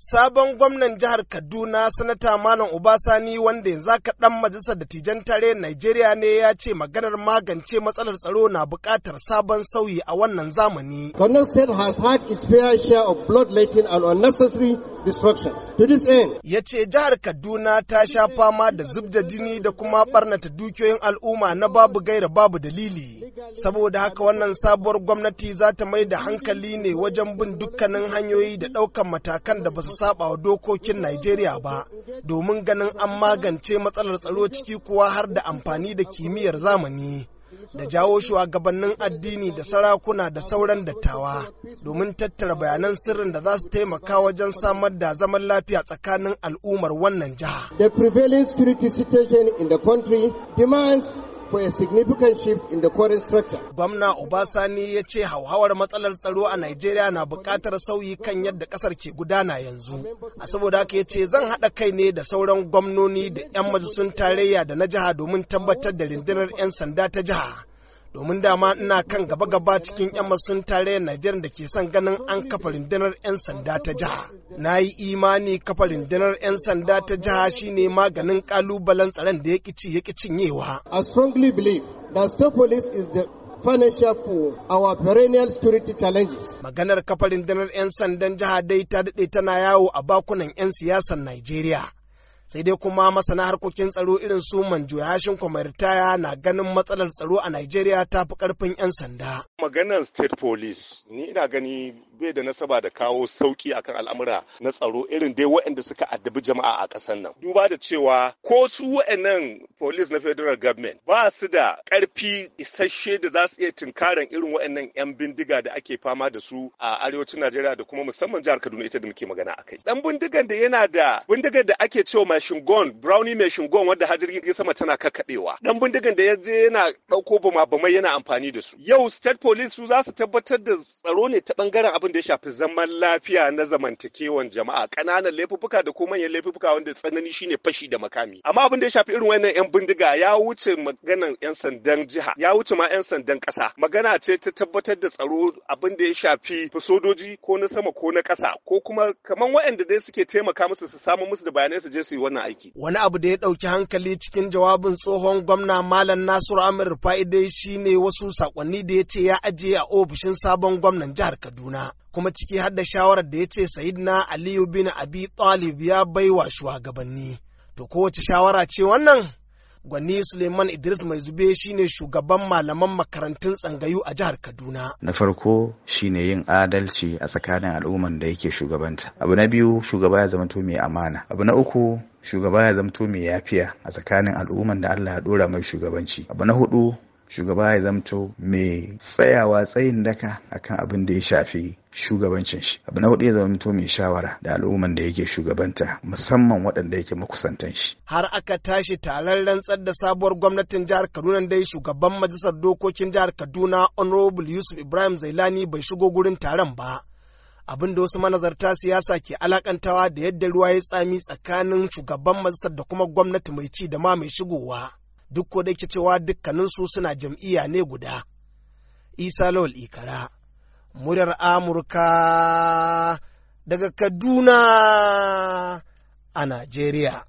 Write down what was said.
sabon gwamnan jihar Kaduna sanata Malam Obasani wanda yanzu aka dan majalisar dattijan tare Najeriya ne ya ce maganar magance matsalar tsaro na buƙatar sabon sauyi a wannan zamani. Kaduna state has had its fair share of bloodletting and unnecessary ya ce jihar Kaduna ta sha fama da zub da jini da kuma barnata dukiyoyin al'umma na babu gaira babu dalili. Saboda haka wannan sabuwar gwamnati za ta mai da hankali ne wajen bin dukkanin hanyoyi da ɗaukan matakan da ba su saba wa dokokin Najeriya ba, domin ganin an magance matsalar tsaro ciki kuwa har da amfani da kimiyyar zamani. da jawo shugabannin addini da sarakuna da sauran dattawa domin tattara bayanan sirrin da za su taimaka wajen samar da zaman lafiya tsakanin al'ummar wannan jiha. The prevailing security situation in the country demands for a significant shift in the current structure. Gwamna Obasani ya ce hauhawar matsalar tsaro a Najeriya na bukatar sauyi kan yadda ƙasar ke gudana yanzu. A saboda haka ya ce zan haɗa kai ne da sauran gwamnoni da 'yan majalisun tarayya da na jiha domin tabbatar da rundunar 'yan sanda ta jiha domin dama ina kan gaba-gaba cikin 'yan masun tarayyar Najeriya da ke son ganin an kafa rundunar 'yan sanda ta jiha. Na yi imani kafa rundunar 'yan sanda ta jiha shine maganin kalubalen tsaron da ya ci ya cinyewa. I strongly believe that state is the financial for our perennial security challenges. Maganar kafarin danar 'yan sandan jiha dai ta daɗe tana yawo a bakunan 'yan siyasar Najeriya. sai dai kuma masana harkokin tsaro irin su manjo yashin kwamitaya na ganin matsalar tsaro a Najeriya ta fi karfin 'yan sanda. Maganar state police ni ina gani bai da nasaba da kawo sauki akan al'amura na tsaro irin dai waɗanda suka addabi jama'a a ƙasar nan. Duba da cewa ko su waɗannan police na federal government ba su da ƙarfi isasshe da za su iya tunkaran irin waɗannan 'yan bindiga da ake fama da su a arewacin Najeriya da kuma musamman jihar Kaduna ita da muke magana akai. Dan bindigan da yana da bindigar da ake cewa shingon brownie mai shingon wanda har jirgin sama tana kakkaɓewa dan bindigan da ya je yana ɗauko bama bamai yana amfani da su yau state police su za su tabbatar da tsaro ne ta bangaren abin da ya shafi zaman lafiya na zamantakewan jama'a ƙananan laifuffuka da kuma manyan laifuffuka wanda tsanani shine fashi da makami amma abin da ya shafi irin wannan yan bindiga ya wuce maganan yan sandan jiha ya wuce ma yan sandan kasa magana ce ta tabbatar da tsaro abin da ya shafi sojoji ko na sama ko na kasa ko kuma kaman waɗanda dai suke taimaka musu su samu musu da bayanai su je su yi wannan aiki. Wani abu da ya ɗauki hankali cikin jawabin tsohon gwamna Malam Nasiru Amir Fa'idai shine wasu sakonni da ya ce ya ajiye a ofishin sabon gwamnan jihar Kaduna. kuma ciki har da shawarar da ya ce Sayidna Aliyu bin Abi Talib ya baiwa shugabanni. To kowace shawara ce wannan? Gwani Suleiman Idris Mai Zube shine shugaban malaman makarantun tsangayu a jihar Kaduna. Na farko shine yin adalci a tsakanin al'umman da yake shugabanta. Abu na biyu shugaba ya zamanto mai amana. Abu na uku shugaba ya zama mai yafiya a tsakanin al'umman da Allah ya dora mai shugabanci. Abu na hudu shugaba ya zamto mai tsayawa tsayin daka akan abin da ya shafi shugabancin shi abu na hudu ya zamto mai shawara da al'umman da yake shugabanta musamman waɗanda yake makusantan shi har aka tashi taron rantsar da sabuwar gwamnatin jihar kaduna dai shugaban majalisar dokokin jihar kaduna honorable yusuf ibrahim zailani bai shigo gurin taron ba abin da wasu manazarta siyasa ke alakantawa da yadda ruwa ya tsami tsakanin shugaban majalisar da kuma gwamnati mai ci da ma mai shigowa duk ko da yake cewa dukkaninsu suna jam'iyya ne guda. Isa Lawal Ikara, muryar Amurka daga Kaduna a Najeriya.